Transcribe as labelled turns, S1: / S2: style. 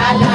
S1: Ojalá.